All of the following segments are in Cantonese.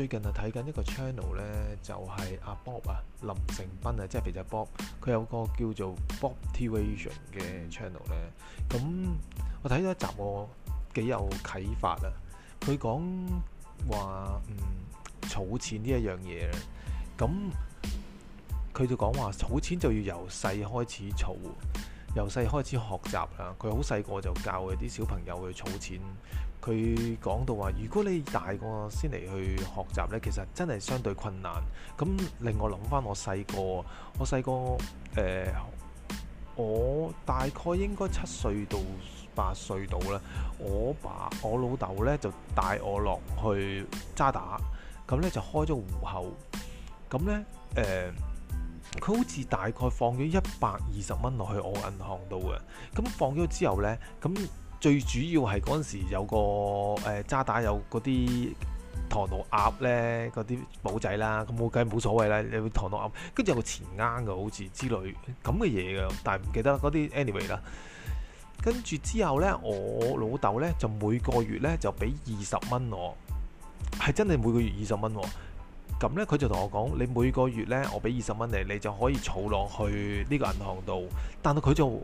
最近啊睇緊一個 channel 呢，就係、是、阿、啊、Bob 啊，林成斌啊，即係肥仔 Bob，佢有個叫做 BobTVision 嘅 channel 呢。咁我睇咗一集，我幾有啟發啊！佢講話，嗯，儲錢呢一樣嘢，咁佢就講話儲錢就要由細開始儲。由細開始學習啦，佢好細個就教啲小朋友去儲錢。佢講到話，如果你大個先嚟去學習呢，其實真係相對困難。咁令我諗返，我細個，我細個誒，我大概應該七歲到八歲度啦。我爸我老豆呢就帶我落去渣打，咁呢就開咗戶口，咁呢。誒、呃。佢好似大概放咗一百二十蚊落去我銀行度嘅，咁放咗之後呢，咁最主要係嗰陣時有個誒渣打有嗰啲唐老鴨呢，嗰啲簿仔啦，咁我梗係冇所謂啦，有唐老鴨，跟住有個錢罌嘅好似之類咁嘅嘢嘅，但係唔記得啦，嗰啲 anyway 啦。跟住之後呢，我老豆呢，就每個月呢，就俾二十蚊我，係真係每個月二十蚊。咁呢，佢就同我講：你每個月呢，我俾二十蚊你，你就可以儲落去呢個銀行度。但係佢就我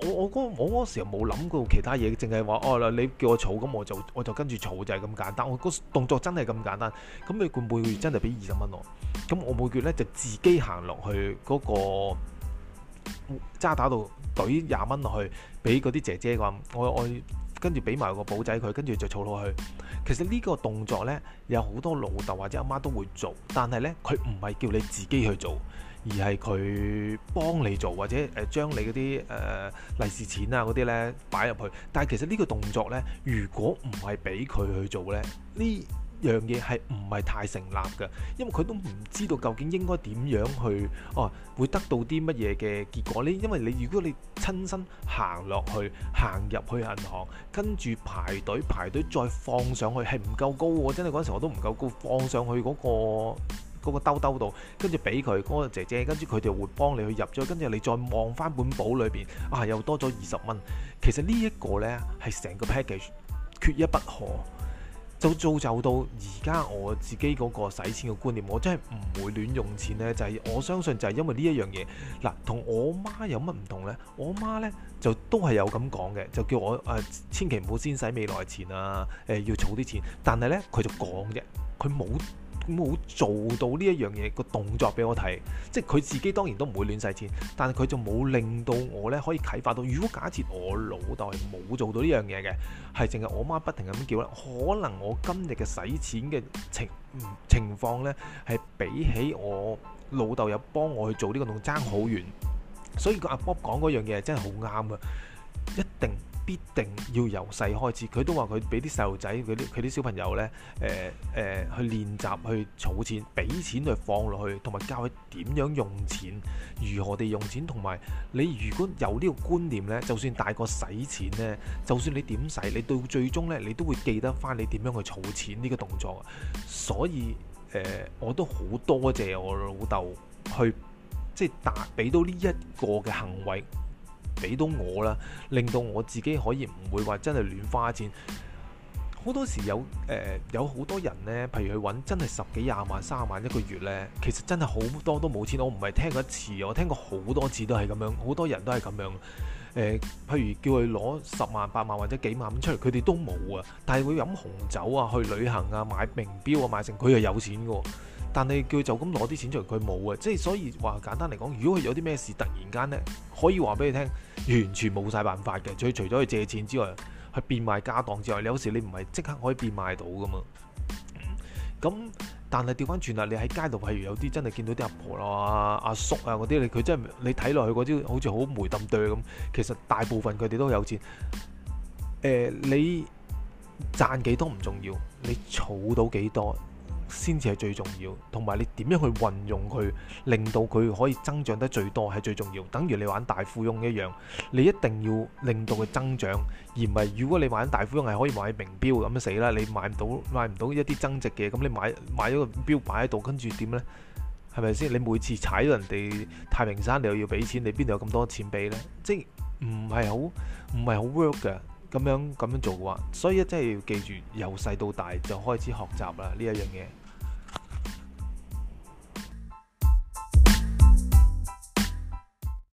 我我嗰時候冇諗過其他嘢，淨係話哦，你叫我儲，咁我就我就跟住儲就係咁簡單。我個動作真係咁簡單。咁你每個月真係俾二十蚊我，咁我每個月呢，就自己行落去嗰個渣打度，懟廿蚊落去，俾嗰啲姐姐嘅我我。我跟住俾埋個簿仔佢，跟住就儲落去。其實呢個動作呢，有好多老豆或者阿媽都會做，但係呢，佢唔係叫你自己去做，而係佢幫你做或者誒將你嗰啲誒利是錢啊嗰啲呢擺入去。但係其實呢個動作呢，如果唔係俾佢去做咧，呢樣嘢係唔係太成立嘅？因為佢都唔知道究竟應該點樣去哦、啊，會得到啲乜嘢嘅結果呢，因為你如果你親身行落去，行入去銀行，跟住排隊排隊，再放上去係唔夠高喎！真係嗰陣時我都唔夠高，放上去嗰個嗰個兜兜度，跟住俾佢嗰個姐姐，跟住佢哋會幫你去入咗，跟住你再望翻本簿裏邊，啊又多咗二十蚊。其實呢一個呢，係成個 package，缺一不可。就造就到而家我自己嗰個使錢嘅觀念，我真係唔會亂用錢呢就係、是、我相信就係因為呢一樣嘢。嗱，同我媽有乜唔同呢？我媽呢，就都係有咁講嘅，就叫我誒、呃、千祈唔好先使未來錢啊，誒、呃、要儲啲錢。但係呢，佢就講啫，佢冇冇做到呢一樣嘢個動作俾我睇，即係佢自己當然都唔會亂使錢，但係佢就冇令到我呢可以啟發到。如果假設我老豆係冇做到呢樣嘢嘅，係淨係我媽不停咁叫啦，可能我今日嘅使錢嘅情情況呢，係比起我老豆有幫我去做呢個動作爭好遠，所以個阿 Bob 講嗰樣嘢真係好啱啊！一定。必定要由細開始，佢都話佢俾啲細路仔啲佢啲小朋友呢，誒誒、呃呃、去練習去儲錢，俾錢去放落去，同埋教佢點樣用錢，如何地用錢，同埋你如果有呢個觀念呢，就算大個使錢呢，就算你點使，你到最終呢，你都會記得返你點樣去儲錢呢個動作。所以誒、呃，我都好多謝我老豆去即係打俾到呢一個嘅行為。俾到我啦，令到我自己可以唔會話真係亂花錢。好多時有誒、呃、有好多人呢，譬如去揾真係十幾廿萬、三十萬一個月呢，其實真係好多都冇錢。我唔係聽過一次，我聽過好多次都係咁樣，好多人都係咁樣誒、呃。譬如叫佢攞十萬、八萬或者幾萬蚊出嚟，佢哋都冇啊。但係會飲紅酒啊，去旅行啊，買名錶啊，買成佢又有錢㗎喎。但係佢就咁攞啲錢出嚟，佢冇啊。即係所以話簡單嚟講，如果佢有啲咩事突然間呢，可以話俾你聽，完全冇晒辦法嘅。佢除咗去借錢之外，去變賣家當之外，你有時你唔係即刻可以變賣到噶嘛。咁但係調翻轉啦，你喺街度譬如有啲真係見到啲阿婆啊、阿叔啊嗰啲，你佢真係你睇落去嗰啲好似好霉咁對咁，其實大部分佢哋都有錢。誒，你賺幾多唔重要，你儲到幾多？先至係最重要，同埋你點樣去運用佢，令到佢可以增長得最多係最重要。等於你玩大富翁一樣，你一定要令到佢增長，而唔係如果你玩大富翁係可以買名錶咁死啦，你買唔到買唔到一啲增值嘅，咁你買買咗個錶擺喺度，跟住點呢？係咪先？你每次踩到人哋太平山，你又要俾錢，你邊度有咁多錢俾呢？即係唔係好唔係好 work 㗎。咁樣咁樣做嘅話，所以真係要記住，由細到大就開始學習啦，呢一樣嘢。